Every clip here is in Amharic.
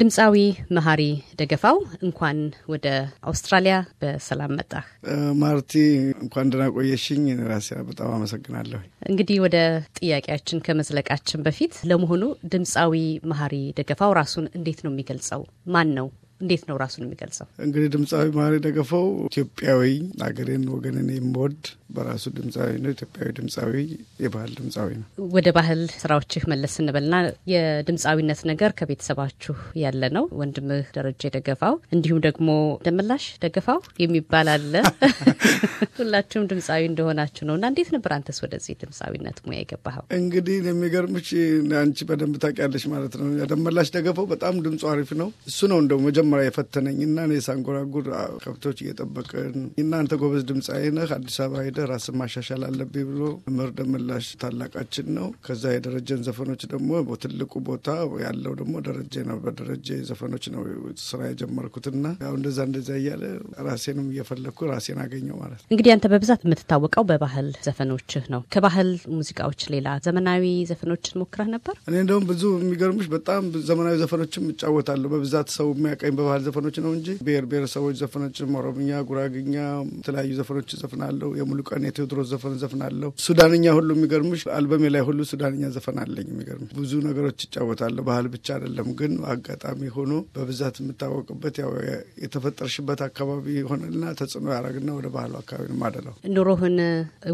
ድምፃዊ መሀሪ ደገፋው እንኳን ወደ አውስትራሊያ በሰላም መጣ። ማርቲ እንኳን ደህና ቆየሽኝ። ራሴ በጣም አመሰግናለሁ። እንግዲህ ወደ ጥያቄያችን ከመዝለቃችን በፊት ለመሆኑ ድምፃዊ መሀሪ ደገፋው ራሱን እንዴት ነው የሚገልጸው? ማን ነው? እንዴት ነው ራሱን የሚገልጸው? እንግዲህ ድምፃዊ ማሪ ደገፈው ኢትዮጵያዊ አገሬን ወገንን የምወድ በራሱ ድምፃዊ ነው። ኢትዮጵያዊ ድምፃዊ፣ የባህል ድምፃዊ ነው። ወደ ባህል ስራዎችህ መለስ እንበልና የድምፃዊነት ነገር ከቤተሰባችሁ ያለ ነው። ወንድምህ ደረጃ ደገፋው እንዲሁም ደግሞ ደመላሽ ደገፋው የሚባል አለ። ሁላችሁም ድምፃዊ እንደሆናችሁ ነው እና እንዴት ነበር አንተስ ወደዚህ ድምፃዊነት ሙያ የገባኸው? እንግዲህ የሚገርምሽ አንቺ በደንብ ታውቂያለሽ ማለት ነው። ደመላሽ ደገፋው በጣም ድምፁ አሪፍ ነው። እሱ ነው እንደው መጀመሪያ የፈተነኝ እና እኔ ሳንጎራጉር ከብቶች እየጠበቅን እናንተ ጎበዝ ድምፅ አይነህ አዲስ አበባ ሄደህ ራስን ማሻሻል አለብኝ ብሎ ምርደ ምላሽ ታላቃችን ነው። ከዛ የደረጀን ዘፈኖች ደግሞ በትልቁ ቦታ ያለው ደግሞ ደረጀ ነው። በደረጀ ዘፈኖች ነው ስራ የጀመርኩትና ያው እንደዛ እንደዛ እያለ ራሴንም እየፈለግኩ ራሴን አገኘው ማለት ነው። እንግዲህ አንተ በብዛት የምትታወቀው በባህል ዘፈኖችህ ነው። ከባህል ሙዚቃዎች ሌላ ዘመናዊ ዘፈኖችን ሞክረህ ነበር? እኔ እንደውም ብዙ የሚገርምሽ በጣም ዘመናዊ ዘፈኖችም እጫወታለሁ በብዛት ሰው የሚያቀኝ በባህል ዘፈኖች ነው እንጂ ብሔር ብሔረሰቦች ዘፈኖች ኦሮምኛ፣ ጉራግኛ፣ የተለያዩ ዘፈኖች ዘፍናለሁ። የሙሉቀን የቴዎድሮስ ዘፈን ዘፍናለሁ። ሱዳንኛ ሁሉ የሚገርምሽ አልበሜ ላይ ሁሉ ሱዳንኛ ዘፈን አለኝ። የሚገርምሽ ብዙ ነገሮች ይጫወታለሁ። ባህል ብቻ አይደለም ግን አጋጣሚ ሆኖ በብዛት የምታወቅበት ያው የተፈጠርሽበት አካባቢ ሆነና ተጽዕኖ ያደረግና ወደ ባህሉ አካባቢ ነው ማደለው። ኑሮህን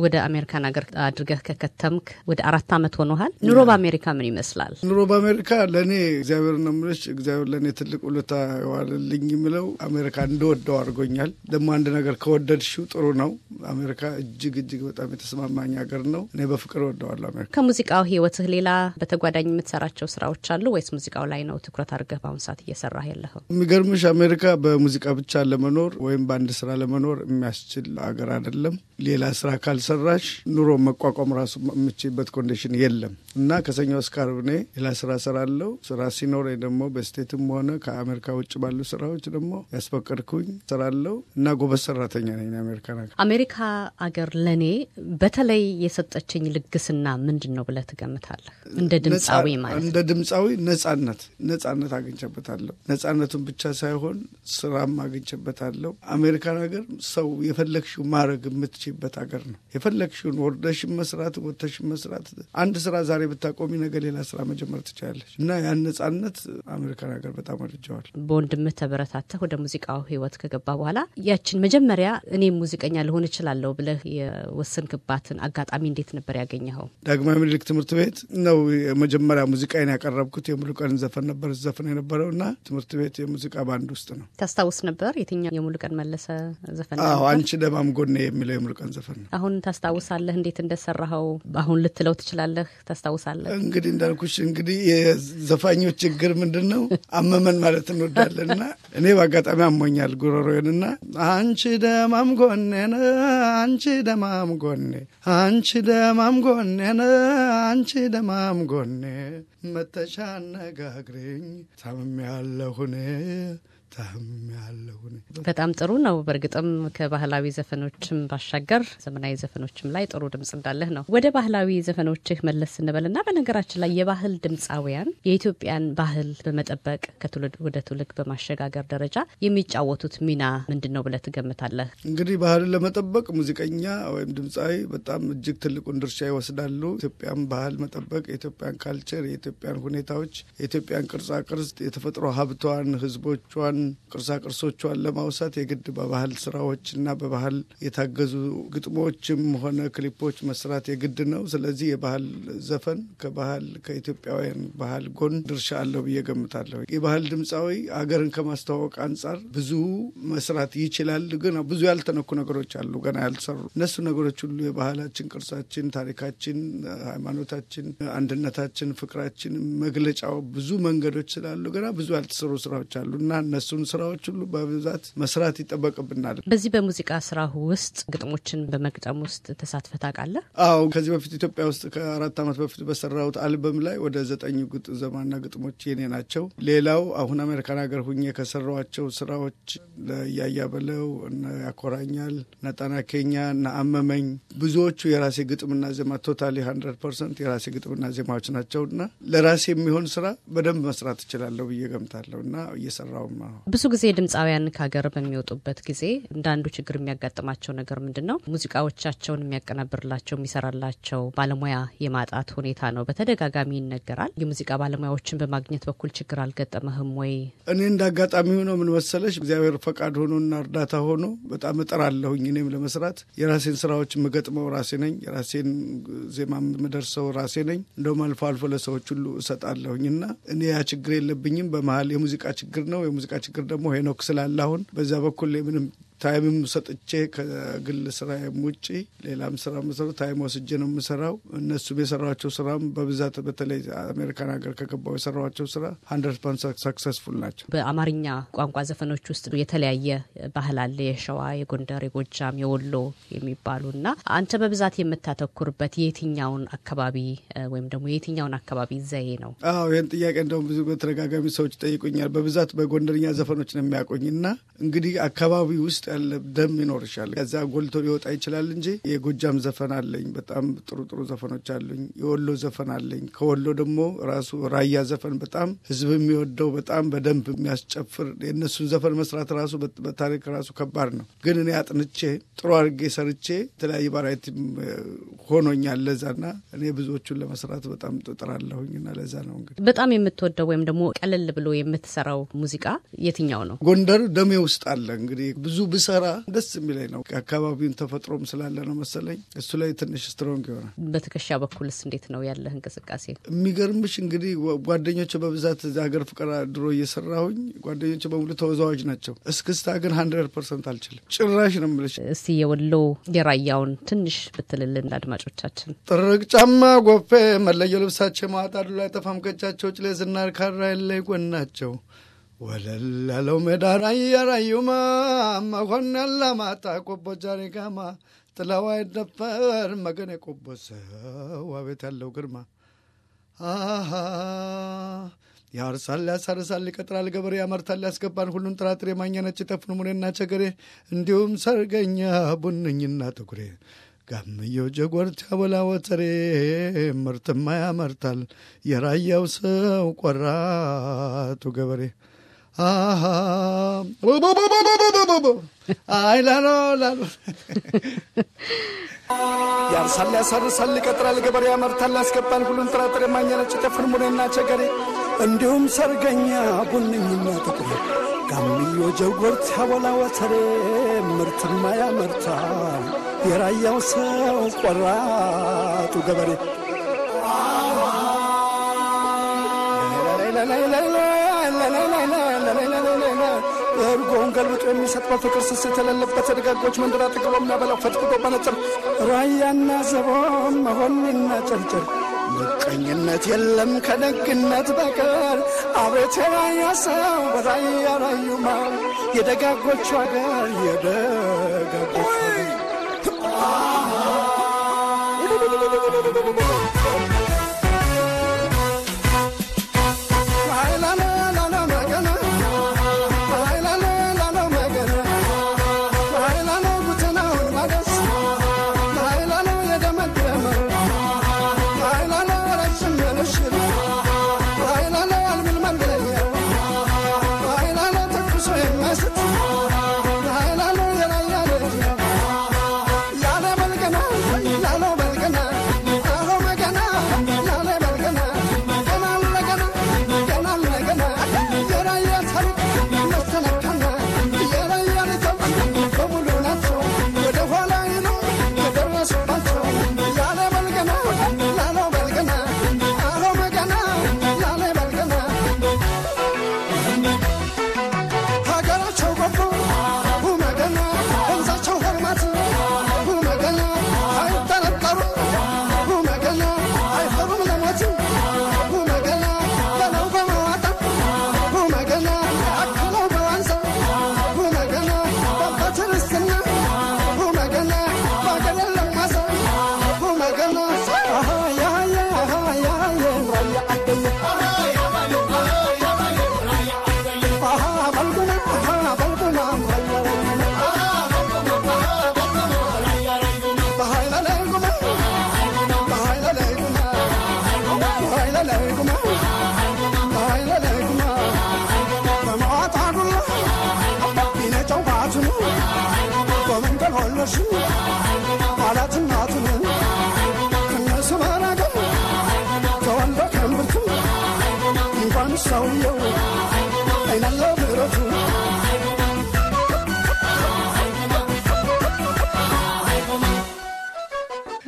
ወደ አሜሪካን ሀገር አድርገህ ከከተምክ ወደ አራት ዓመት ሆኖሃል። ኑሮ በአሜሪካ ምን ይመስላል? ኑሮ በአሜሪካ ለእኔ እግዚአብሔር ነው የምልሽ እግዚአብሔር ለእኔ ትልቅ ውለታ የተባለልኝ የምለው አሜሪካ እንደወደው አድርጎኛል። ደግሞ አንድ ነገር ከወደድሽው ጥሩ ነው። አሜሪካ እጅግ እጅግ በጣም የተስማማኝ ሀገር ነው። እኔ በፍቅር ወደዋለሁ አሜሪካ። ከሙዚቃው ህይወትህ ሌላ በተጓዳኝ የምትሰራቸው ስራዎች አሉ ወይስ ሙዚቃው ላይ ነው ትኩረት አድርገህ በአሁኑ ሰዓት እየሰራህ ያለኸው? የሚገርምሽ አሜሪካ በሙዚቃ ብቻ ለመኖር ወይም በአንድ ስራ ለመኖር የሚያስችል አገር አይደለም። ሌላ ስራ ካልሰራሽ ኑሮ መቋቋም ራሱ የምችበት ኮንዲሽን የለም እና ከሰኞ እስከ እኔ ሌላ ስራ ሰራለው። ስራ ሲኖር ደግሞ በስቴትም ሆነ ከአሜሪካ ውጭ ባሉ ስራዎች ደግሞ ያስፈቀድኩኝ ስራለው እና ጎበዝ ሰራተኛ ነኝ። አሜሪካ ሀገር አሜሪካ አገር ለእኔ በተለይ የሰጠችኝ ልግስና ምንድን ነው ብለህ ትገምታለህ? እንደ ድምፃዊ ማለት እንደ ድምፃዊ ነጻነት ነጻነት አግኝቼበታለሁ። ነጻነቱን ብቻ ሳይሆን ስራም አግኝቼበታለሁ። አሜሪካን ሀገር ሰው የፈለግሽው ማድረግ የምትችይበት ሀገር ነው። የፈለግሽውን ወርደሽን መስራት፣ ወተሽን መስራት፣ አንድ ስራ ዛሬ ብታቆሚ ነገ ሌላ ስራ መጀመር ትችላለች እና ያን ነጻነት አሜሪካን ሀገር በጣም ወድጀዋል። በወንድ ወንድምህ ተበረታተህ ወደ ሙዚቃው ህይወት ከገባ በኋላ ያችን መጀመሪያ እኔም ሙዚቀኛ ልሆን እችላለሁ ብለህ የወሰንክባትን አጋጣሚ እንዴት ነበር ያገኘኸው? ዳግማዊ ምኒልክ ትምህርት ቤት ነው የመጀመሪያ ሙዚቃዬን ያቀረብኩት። የሙሉቀን ዘፈን ነበር ዘፈን የነበረው እና ትምህርት ቤት የሙዚቃ ባንድ ውስጥ ነው። ታስታውስ ነበር የትኛው የሙሉቀን መለሰ ዘፈን? አዎ አንቺ ደማም ጎኔ የሚለው የሙሉቀን ዘፈን ነው። አሁን ታስታውሳለህ እንዴት እንደሰራኸው? አሁን ልትለው ትችላለህ? ታስታውሳለህ? እንግዲህ እንዳልኩሽ እንግዲህ የዘፋኞች ችግር ምንድን ነው አመመን ማለት እንወዳለን አለና እኔ በአጋጣሚ አሞኛል ጉሮሮዬንና አንቺ ደማም ጎኔነ አንቺ ደማም ጎኔ አንቺ ደማም ጎኔነ አንቺ ደማም ጎኔ መተሻ አነጋግሬኝ ታምሜ ያለሁኔ ታምሜያለሁ። በጣም ጥሩ ነው። በእርግጥም ከባህላዊ ዘፈኖችም ባሻገር ዘመናዊ ዘፈኖችም ላይ ጥሩ ድምጽ እንዳለህ ነው። ወደ ባህላዊ ዘፈኖችህ መለስ ስንበል እና በነገራችን ላይ የባህል ድምፃውያን የኢትዮጵያን ባህል በመጠበቅ ከትውልድ ወደ ትውልድ በማሸጋገር ደረጃ የሚጫወቱት ሚና ምንድን ነው ብለህ ትገምታለህ? እንግዲህ ባህልን ለመጠበቅ ሙዚቀኛ ወይም ድምፃዊ በጣም እጅግ ትልቁን ድርሻ ይወስዳሉ። ኢትዮጵያን ባህል መጠበቅ፣ የኢትዮጵያን ካልቸር፣ የኢትዮጵያን ሁኔታዎች፣ የኢትዮጵያን ቅርጻቅርጽ፣ የተፈጥሮ ሀብቷን፣ ህዝቦቿን ቅርሶቿን ለማውሳት የግድ በባህል ስራዎችና በባህል የታገዙ ግጥሞችም ሆነ ክሊፖች መስራት የግድ ነው። ስለዚህ የባህል ዘፈን ከባህል ከኢትዮጵያውያን ባህል ጎን ድርሻ አለው ብዬ ገምታለሁ። የባህል ድምፃዊ አገርን ከማስተዋወቅ አንጻር ብዙ መስራት ይችላል። ግን ብዙ ያልተነኩ ነገሮች አሉ፣ ገና ያልሰሩ እነሱ ነገሮች ሁሉ የባህላችን፣ ቅርሳችን፣ ታሪካችን፣ ሃይማኖታችን፣ አንድነታችን፣ ፍቅራችን መግለጫው ብዙ መንገዶች ስላሉ ገና ብዙ ያልተሰሩ ስራዎች አሉ እና እነሱ እነሱን ስራዎች ሁሉ በብዛት መስራት ይጠበቅብናል። በዚህ በሙዚቃ ስራ ውስጥ ግጥሞችን በመግጠም ውስጥ ተሳትፈ ታውቃለህ? አዎ፣ ከዚህ በፊት ኢትዮጵያ ውስጥ ከአራት ዓመት በፊት በሰራሁት አልበም ላይ ወደ ዘጠኝ ግጥ ዘማና ግጥሞች የኔ ናቸው። ሌላው አሁን አሜሪካን ሀገር ሁኜ ከሰራቸው ስራዎች ያያበለው ያኮራኛል፣ ነጣና ኬኛ እና አመመኝ ብዙዎቹ የራሴ ግጥምና ዜማ ቶታሊ ሀንድረድ ፐርሰንት የራሴ ግጥምና ዜማዎች ናቸው እና ለራሴ የሚሆን ስራ በደንብ መስራት እችላለሁ ብዬ ገምታለሁ እና እየሰራውም ነው። ብዙ ጊዜ ድምፃውያን ከሀገር በሚወጡበት ጊዜ እንደ አንዱ ችግር የሚያጋጥማቸው ነገር ምንድን ነው? ሙዚቃዎቻቸውን የሚያቀናብርላቸው የሚሰራላቸው ባለሙያ የማጣት ሁኔታ ነው። በተደጋጋሚ ይነገራል። የሙዚቃ ባለሙያዎችን በማግኘት በኩል ችግር አልገጠመህም ወይ? እኔ እንደ አጋጣሚ ሆነው ምን መሰለሽ፣ እግዚአብሔር ፈቃድ ሆኖና እርዳታ ሆኖ በጣም እጥራለሁኝ። እኔም ለመስራት የራሴን ስራዎች የምገጥመው ራሴ ነኝ። የራሴን ዜማ የምደርሰው ራሴ ነኝ። እንደውም አልፎ አልፎ ለሰዎች ሁሉ እሰጣለሁኝ እና እኔ ያ ችግር የለብኝም። በመሀል የሙዚቃ ችግር ነው የሙዚቃ ችግር ደግሞ ሄኖክ ስላለ አሁን በዛ በኩል ምንም ታይምም ሰጥቼ ከግል ስራዬም ውጭ ሌላም ስራ ምሰሩ ታይም ወስጄ ነው የምሰራው። እነሱም የሰራቸው ስራም በብዛት በተለይ አሜሪካን ሀገር ከገባው የሰራቸው ስራ ሀንድረድ ፐርሰንት ሰክሰስፉል ናቸው። በአማርኛ ቋንቋ ዘፈኖች ውስጥ የተለያየ ባህል አለ። የሸዋ፣ የጎንደር፣ የጎጃም፣ የወሎ የሚባሉ እና አንተ በብዛት የምታተኩርበት የትኛውን አካባቢ ወይም ደግሞ የትኛውን አካባቢ ዘዬ ነው? አዎ ይህን ጥያቄ እንደውም ብዙ በተደጋጋሚ ሰዎች ይጠይቁኛል። በብዛት በጎንደርኛ ዘፈኖች ነው የሚያቆኝ እና እንግዲህ አካባቢ ውስጥ ውስጥ ያለ ደም ይኖር ይሻል ከዛ ጎልቶ ሊወጣ ይችላል እንጂ የጎጃም ዘፈን አለኝ። በጣም ጥሩ ጥሩ ዘፈኖች አሉኝ። የወሎ ዘፈን አለኝ። ከወሎ ደግሞ ራሱ ራያ ዘፈን በጣም ህዝብ የሚወደው በጣም በደንብ የሚያስጨፍር የእነሱን ዘፈን መስራት ራሱ በታሪክ ራሱ ከባድ ነው። ግን እኔ አጥንቼ ጥሩ አድርጌ ሰርቼ የተለያየ ባራይቲ ሆኖኛል። ለዛና እኔ ብዙዎቹን ለመስራት በጣም ጥጥራለሁኝና ለዛ ነው እንግዲህ በጣም የምትወደው ወይም ደግሞ ቀለል ብሎ የምትሰራው ሙዚቃ የትኛው ነው? ጎንደር ደሜ ውስጥ አለ እንግዲህ ብዙ ብሰራ ደስ የሚለኝ ነው። አካባቢውን ተፈጥሮም ስላለ ነው መሰለኝ እሱ ላይ ትንሽ ስትሮንግ ይሆናል። በትከሻ በኩልስ እንዴት ነው ያለህ እንቅስቃሴ? የሚገርምሽ እንግዲህ ጓደኞች በብዛት ሀገር ፍቅር ድሮ እየሰራሁኝ ጓደኞች በሙሉ ተወዛዋጅ ናቸው። እስክስታ ግን ሀንድረድ ፐርሰንት አልችልም። ጭራሽ ነው የምልሽ። እስቲ የወሎ የራያውን ትንሽ ብትልልን አድማጮቻችን። ጥርቅ ጫማ ጎፌ መለየ ልብሳቸው ማጣዱ ላይ ጠፋም ቀጫቸው ጭሌ ዝናር ካራ ላይ ጎናቸው ወለለሎ ሜዳራይ ያራዩማ መኮነ ለማጣ ቆቦ ጃሪጋማ ጥላዋ ይደፈር መገን የቆቦ ሰው አቤት ያለው ግርማ ያርሳል ያሳርሳል ይቀጥራል ገበሬ ያመርታል ያስገባን ሁሉን ጥራጥሬ ማኛነች ጠፍኑ ሙኔና ቸገሬ እንዲሁም ሰርገኛ ቡንኝና ትኩሬ ጋምየው ጀጎርት ያበላ ወተሬ ምርትማ ያመርታል የራያው ሰው ቆራቱ ገበሬ 아하. አይላኖ ያርሳል፣ ያሳርሳል፣ ይቀጥራል፣ ገበሬ ያመርታል፣ ያስገባል ሁሉን ጥራጥሬ፣ ማኛነጭ፣ ጤፍን፣ ቸገሬ እንዲሁም ሰርገኛ ቡንኝና ጥቁር ጋምዮ ጀጎርት ያቦላ ወተሬ ምርትማ ያመርታል የራያው ሰው ቆራጡ ገበሬ እርጎውን ገልብጦ የሚሰጥበት ፍቅር ስስት የሌለበት የደጋጎች መንደር አጠገቦ የሚያበላው ፈጥቅጦ በነጭር ራያና ዘቦ መሆንና ጭርጭር ምቀኝነት የለም ከደግነት በቀር አቤት የራያ ሰው በራያ ራዩማ የደጋጎቹ አገር የደጋጎቹ ሰውየው አይናለው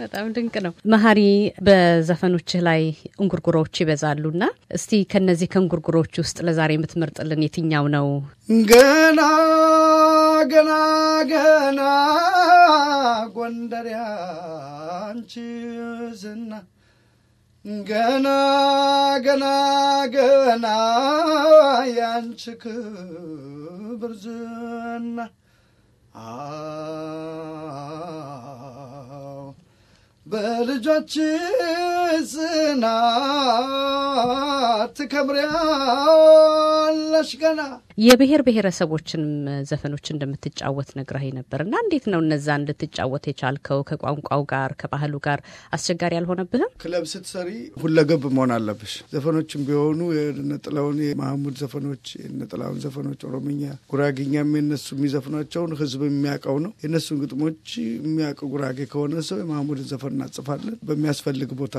በጣም ድንቅ ነው። መሀሪ በዘፈኖችህ ላይ እንጉርጉሮዎች ይበዛሉና እስቲ ከነዚህ ከእንጉርጉሮች ውስጥ ለዛሬ የምትመርጥልን የትኛው ነው? ገና ገና ገና ጎንደር ያንቺ ዝና ገና ገና ገና ያንቺ ክብር ዝና በልጆችሽ ጽናት ትከብሪያለሽ ገና የብሔር ብሔረሰቦችንም ዘፈኖች እንደምትጫወት ነግራኝ ነበር እና እንዴት ነው እነዛ እንድትጫወት የቻልከው? ከቋንቋው ጋር ከባህሉ ጋር አስቸጋሪ አልሆነብህም? ክለብ ስትሰሪ ሁለገብ መሆን አለብሽ። ዘፈኖችም ቢሆኑ የነጥላውን የማህሙድ ዘፈኖች፣ የነጥላውን ዘፈኖች ኦሮምኛ፣ ጉራጌኛም የነሱ የሚዘፍኗቸውን ህዝብ የሚያውቀው ነው። የነሱን ግጥሞች የሚያውቅ ጉራጌ ከሆነ ሰው የማህሙድን ዘፈን እናጽፋለን። በሚያስፈልግ ቦታ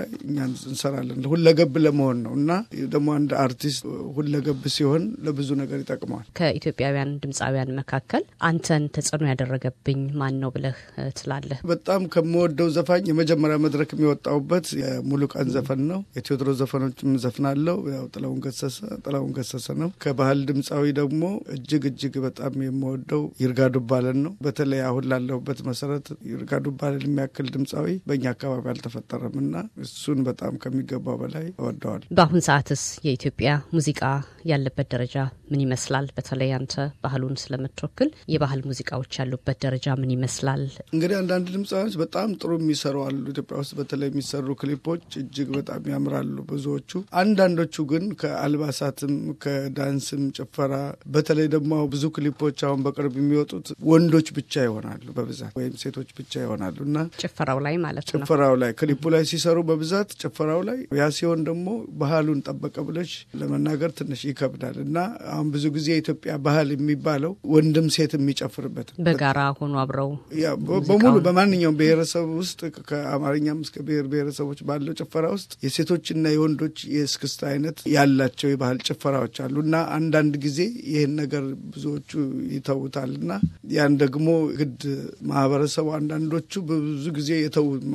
ላይ እኛ እንሰራለን። ሁለገብ ለመሆን ነው እና ደግሞ አንድ አርቲስት ሁለገብ ሲሆን ለብዙ ነገር ይጠቅመዋል። ከኢትዮጵያውያን ድምፃውያን መካከል አንተን ተጽዕኖ ያደረገብኝ ማን ነው ብለህ ትላለህ? በጣም ከምወደው ዘፋኝ የመጀመሪያ መድረክ የሚወጣውበት የሙሉቀን ዘፈን ነው። የቴዎድሮስ ዘፈኖችም ዘፍናለው። ያው ጥላሁን ገሰሰ ጥላሁን ገሰሰ ነው። ከባህል ድምፃዊ ደግሞ እጅግ እጅግ በጣም የምወደው ይርጋ ዱባለን ነው። በተለይ አሁን ላለሁበት መሰረት ይርጋ ዱባለን የሚያክል ድምፃዊ በእኛ አካባቢ አልተፈጠረም እና እሱን በጣም ከሚገባው በላይ እወደዋል። በአሁን ሰዓትስ የኢትዮጵያ ሙዚቃ ያለበት ደረጃ ምን ይመስላል? በተለይ አንተ ባህሉን ስለምትወክል የባህል ሙዚቃዎች ያሉበት ደረጃ ምን ይመስላል? እንግዲህ አንዳንድ ድምፃዎች በጣም ጥሩ የሚሰሩ አሉ። ኢትዮጵያ ውስጥ በተለይ የሚሰሩ ክሊፖች እጅግ በጣም ያምራሉ ብዙዎቹ። አንዳንዶቹ ግን ከአልባሳትም ከዳንስም ጭፈራ፣ በተለይ ደግሞ ብዙ ክሊፖች አሁን በቅርብ የሚወጡት ወንዶች ብቻ ይሆናሉ በብዛት ወይም ሴቶች ብቻ ይሆናሉ እና ጭፈራው ላይ ማለት ነው ጭፈራው ላይ ክሊፑ ላይ ሲሰሩ በብዛት ጭፈራው ላይ ያ ሲሆን ደግሞ ባህሉን ጠበቀ ብለሽ ለመናገር ትንሽ ይከብዳል እና አሁን ብዙ ጊዜ የኢትዮጵያ ባህል የሚባለው ወንድም ሴት የሚጨፍርበት በጋራ ሆኖ አብረው በሙሉ በማንኛውም ብሔረሰብ ውስጥ ከአማርኛም እስከ ብሔር ብሔረሰቦች ባለው ጭፈራ ውስጥ የሴቶችና የወንዶች የእስክስታ አይነት ያላቸው የባህል ጭፈራዎች አሉ እና አንዳንድ ጊዜ ይህን ነገር ብዙዎቹ ይተውታል እና ያን ደግሞ ግድ ማህበረሰቡ አንዳንዶቹ ብዙ ጊዜ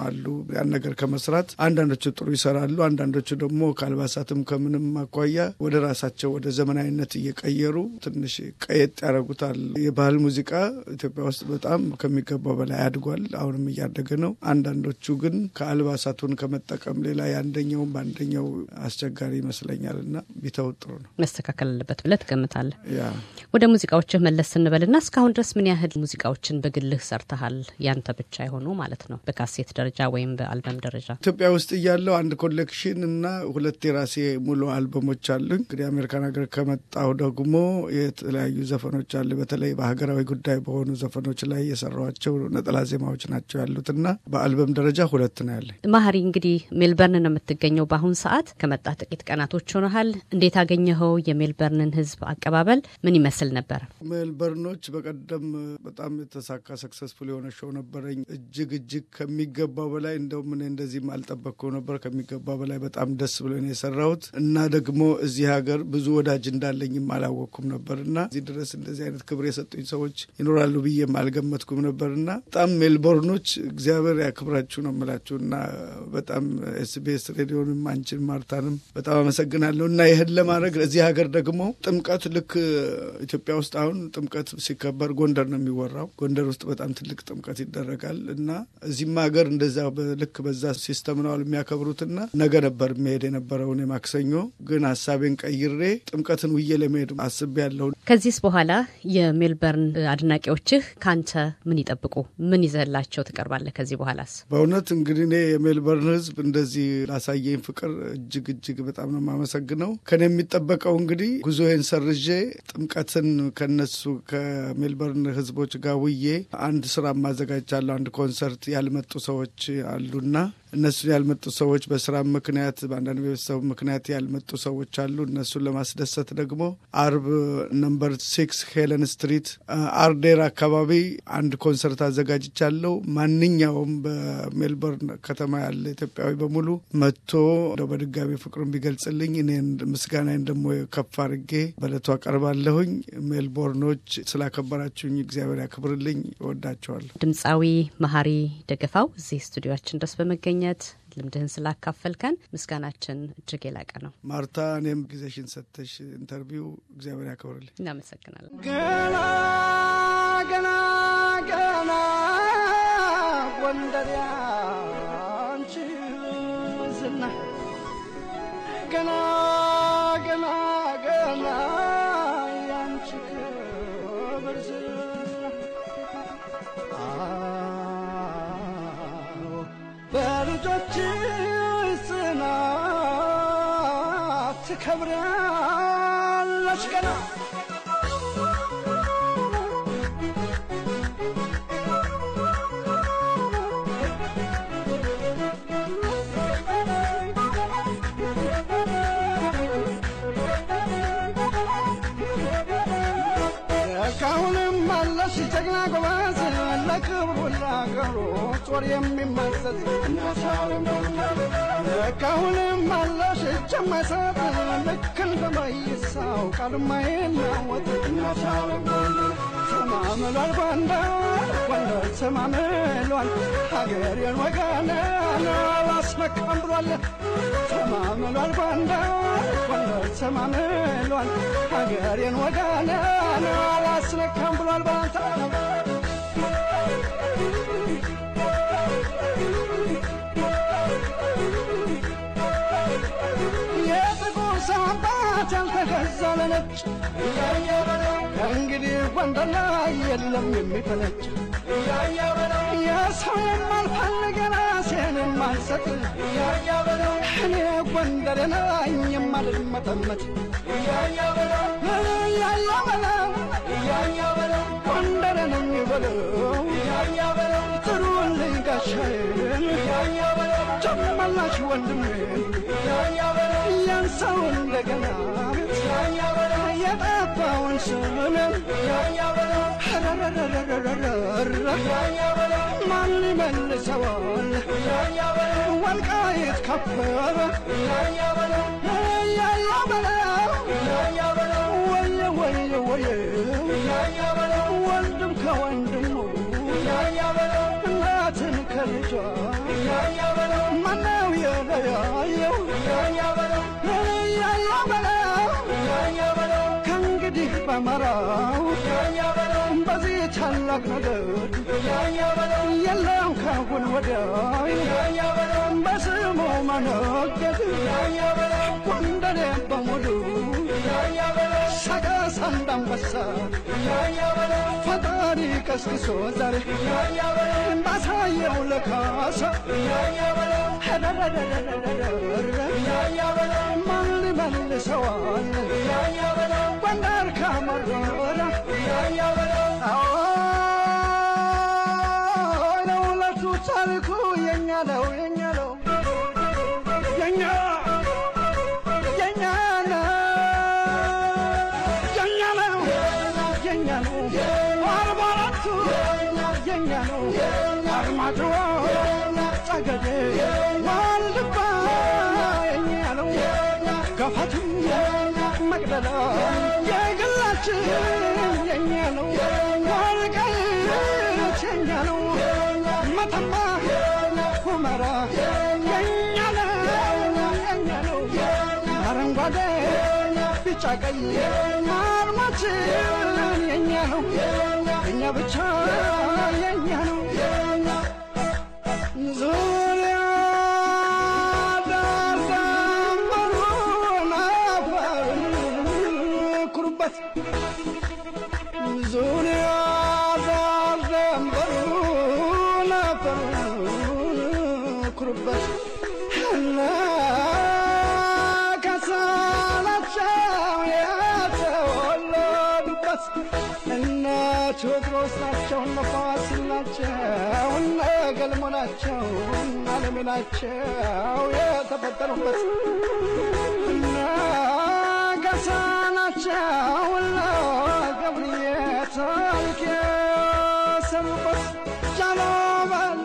አሉ ያን ነገር ከመስራት አንዳንዶቹ ጥሩ ይሰራሉ። አንዳንዶቹ ደግሞ ከአልባሳትም ከምንም አኳያ ወደ ራሳቸው ወደ ዘመናዊነት እየ እየቀየሩ ትንሽ ቀየጥ ያደረጉታል። የባህል ሙዚቃ ኢትዮጵያ ውስጥ በጣም ከሚገባው በላይ አድጓል። አሁንም እያደገ ነው። አንዳንዶቹ ግን ከአልባሳቱን ከመጠቀም ሌላ የአንደኛውን በአንደኛው አስቸጋሪ ይመስለኛል እና ቢተው ጥሩ ነው። መስተካከል አለበት ብለህ ትገምታለህ? ያ ወደ ሙዚቃዎችህ መለስ ስንበልና እስካሁን ድረስ ምን ያህል ሙዚቃዎችን በግልህ ሰርተሃል? ያንተ ብቻ የሆኑ ማለት ነው፣ በካሴት ደረጃ ወይም በአልበም ደረጃ። ኢትዮጵያ ውስጥ እያለው አንድ ኮሌክሽን እና ሁለት የራሴ ሙሉ አልበሞች አሉኝ። እንግዲህ አሜሪካን ሀገር ከመጣሁ ደግሞ የተለያዩ ዘፈኖች አሉ። በተለይ በሀገራዊ ጉዳይ በሆኑ ዘፈኖች ላይ የሰሯቸው ነጠላ ዜማዎች ናቸው ያሉትና በአልበም ደረጃ ሁለት ነው ያለ። ማህሪ እንግዲህ ሜልበርን ነው የምትገኘው በአሁን ሰዓት። ከመጣ ጥቂት ቀናቶች ሆነሃል። እንዴት አገኘኸው? የሜልበርንን ህዝብ አቀባበል ምን ይመስል ነበር? ሜልበርኖች በቀደም በጣም የተሳካ ሰክሰስፉል የሆነ ሾው ነበረኝ። እጅግ እጅግ ከሚገባው በላይ እንደውም እኔ እንደዚህም አልጠበቅከው ነበር። ከሚገባ በላይ በጣም ደስ ብሎ ነው የሰራሁት እና ደግሞ እዚህ ሀገር ብዙ ወዳጅ እንዳለኝ እኔም አላወቅኩም ነበርና እዚህ ድረስ እንደዚህ አይነት ክብር የሰጡኝ ሰዎች ይኖራሉ ብዬም አልገመትኩም ነበርና በጣም ሜልቦርኖች እግዚአብሔር ያክብራችሁ ነው የምላችሁ እና በጣም ኤስቢኤስ ሬዲዮንም አንቺን ማርታንም በጣም አመሰግናለሁ እና ይህን ለማድረግ እዚህ ሀገር ደግሞ ጥምቀት ልክ ኢትዮጵያ ውስጥ አሁን ጥምቀት ሲከበር ጎንደር ነው የሚወራው። ጎንደር ውስጥ በጣም ትልቅ ጥምቀት ይደረጋል እና እዚህም ሀገር እንደዚያ ልክ በዛ ሲስተም ነዋል የሚያከብሩትና ነገ ነበር የሚሄድ የነበረውን የማክሰኞ ግን ሀሳቤን ቀይሬ ጥምቀትን ውዬ ለመሄድ አስቤ ያለሁ። ከዚህስ በኋላ የሜልበርን አድናቂዎችህ ከአንተ ምን ይጠብቁ? ምን ይዘላቸው ትቀርባለህ? ከዚህ በኋላስ? በእውነት እንግዲህ እኔ የሜልበርን ሕዝብ እንደዚህ ላሳየኝ ፍቅር እጅግ እጅግ በጣም ነው የማመሰግነው። ከኔ የሚጠበቀው እንግዲህ ጉዞዬን ሰርዤ ጥምቀትን ከነሱ ከሜልበርን ሕዝቦች ጋር ውዬ አንድ ስራ ማዘጋጃለሁ። አንድ ኮንሰርት ያልመጡ ሰዎች አሉና እነሱን ያልመጡ ሰዎች በስራ ምክንያት በአንዳንድ ቤተሰብ ምክንያት ያልመጡ ሰዎች አሉ። እነሱን ለማስደሰት ደግሞ አርብ ነምበር ሲክስ ሄለን ስትሪት አርዴር አካባቢ አንድ ኮንሰርት አዘጋጅቻለሁ። ማንኛውም በሜልበርን ከተማ ያለ ኢትዮጵያዊ በሙሉ መጥቶ እንደው በድጋሚ ፍቅሩን ቢገልጽልኝ እኔን ምስጋናዬን ደግሞ ከፍ አድርጌ በለቱ አቀርባለሁኝ። ሜልቦርኖች ስላከበራችሁኝ እግዚአብሔር ያክብርልኝ። እወዳቸዋለሁ። ድምፃዊ መሀሪ ደገፋው እዚህ ስቱዲዮችን ድረስ በመገኘ ለማግኘት ልምድህን ስላካፈልከን ምስጋናችን እጅግ የላቀ ነው። ማርታ፣ እኔም ጊዜሽን ሰጥተሽ ኢንተርቪው እግዚአብሔር ያክብርልኝ። እናመሰግናለን። ገና ገና ገና ጎንደሪያ አንቺ ዝና ገና ገና ገና la las ganas. ካሁንም አለሽ ለክብሩና ቀሩ ጦር የሚመሰጥ ልክ አሁንም አለሽ እጅ የማይሰጥ ልክ እንደማይሳው ቃል የማይናወጥ ተማምሏል ጎንደር ጎንደር ተማምሏል ሀገሬን ወገኔን አላስመካም ብሏል ተማምሏል ጎንደር ጎንደር ተማምሏል ሀገሬን ወገኔን አላስነካም ብሏል ባንተ የሚፈነጭ እያየ በለው ከእንግዲህ ወንድና የለም የሚፈነጭ እያየ በለው የሰውን ማልፈልግ ራሴን የማልሰጥ እያየ በለው እኔ ጎንደሬ ነኝ የማልመጠመጥ እያየ በለው እያየ በለው እያየ በለው ጎንደሬ ነኝ በለው እያየ በለው ጥሩልኝ ጋሻዬን እያየ በለው ጨመላሽ ወንድሜ እያየ በለው ያንሳውን እንደገና ሰነ ማን ይመልሰዋል? ወልቃይት ከበረ ያያ በለው ወየ ወየ ወየ ወንድም ከወንድሙ እናትን ከልጇ ማነው የለያየው? አማራው በዚህ ታላቅ ነገር የለም ካሁን ወዲያ በስሙ መኖገት ወንደሬ በሙሉ ሰቀስ አንዳንበሳ ፈጣሪ ቀስቅሶ ዛሬ ባሳየው ለካሳ መልሰዋል ጎንደር ከመጎዳ ለሁለቱ ታሪኩ የኛ ነው የኛ ነው የኛ ነው የኛ ነው የኛ ነው አርባ ብልጭ አቀኝ ማልማች የኛ ነው እኛ ብቻ የኛ ነው ዙሪያ ዳርዛንበሩን ዙሪያ ቴዎድሮስ ናቸው እነ ፋሲል ናቸው እነ ናቸው እነ ናቸው የተፈጠሩበት እነ ገሳ ናቸው እነ ገብርዬ ጃሎመን ጃሎመን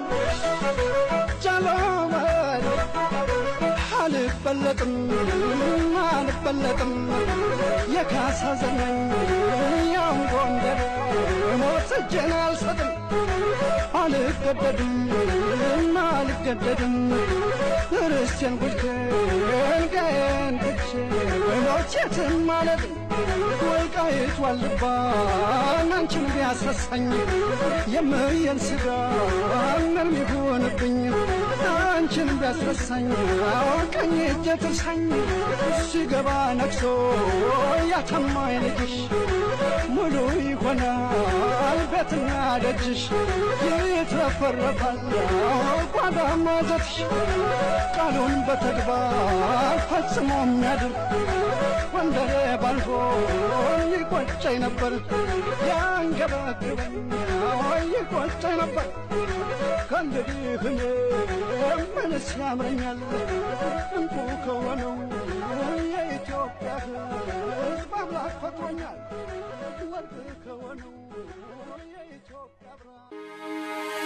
አልበለጥም አልበለጥም የካሳ ዘመን ያም ጎንደር ሞት እጄን አልሰጥም አልገደድም አልገደድም ርስቴን ጉድቴን ቀዬን ትቼ ሞት ማለት ወልቃይት ዋልባ ናንችን ቢያሰሳኝ የምየን ስጋ ምንም ይሁንብኝ አንቺን ቢያስረሳኝ ቀኝ እጀ ትርሳኝ ሲገባ ነክሶ ያተማ ልጅሽ ሙሉ ይሆናል ቤትና ደጅሽ ይትረፈረፋል ቋዳ ማዘትሽ ቃሉን በተግባር ፈጽሞ የሚያድርግ ወንደሬ ባልፎ ይቆጨኝ ነበር ያንገበግበኛ ይቆጨኝ ነበር ከእንግዲህ እኔ ምንስ ያምረኛል እንቁ ከሆነው የኢትዮጵያ አምላክ ፈጥሮኛል ወርቅ ከሆነው የኢትዮጵያ ብራ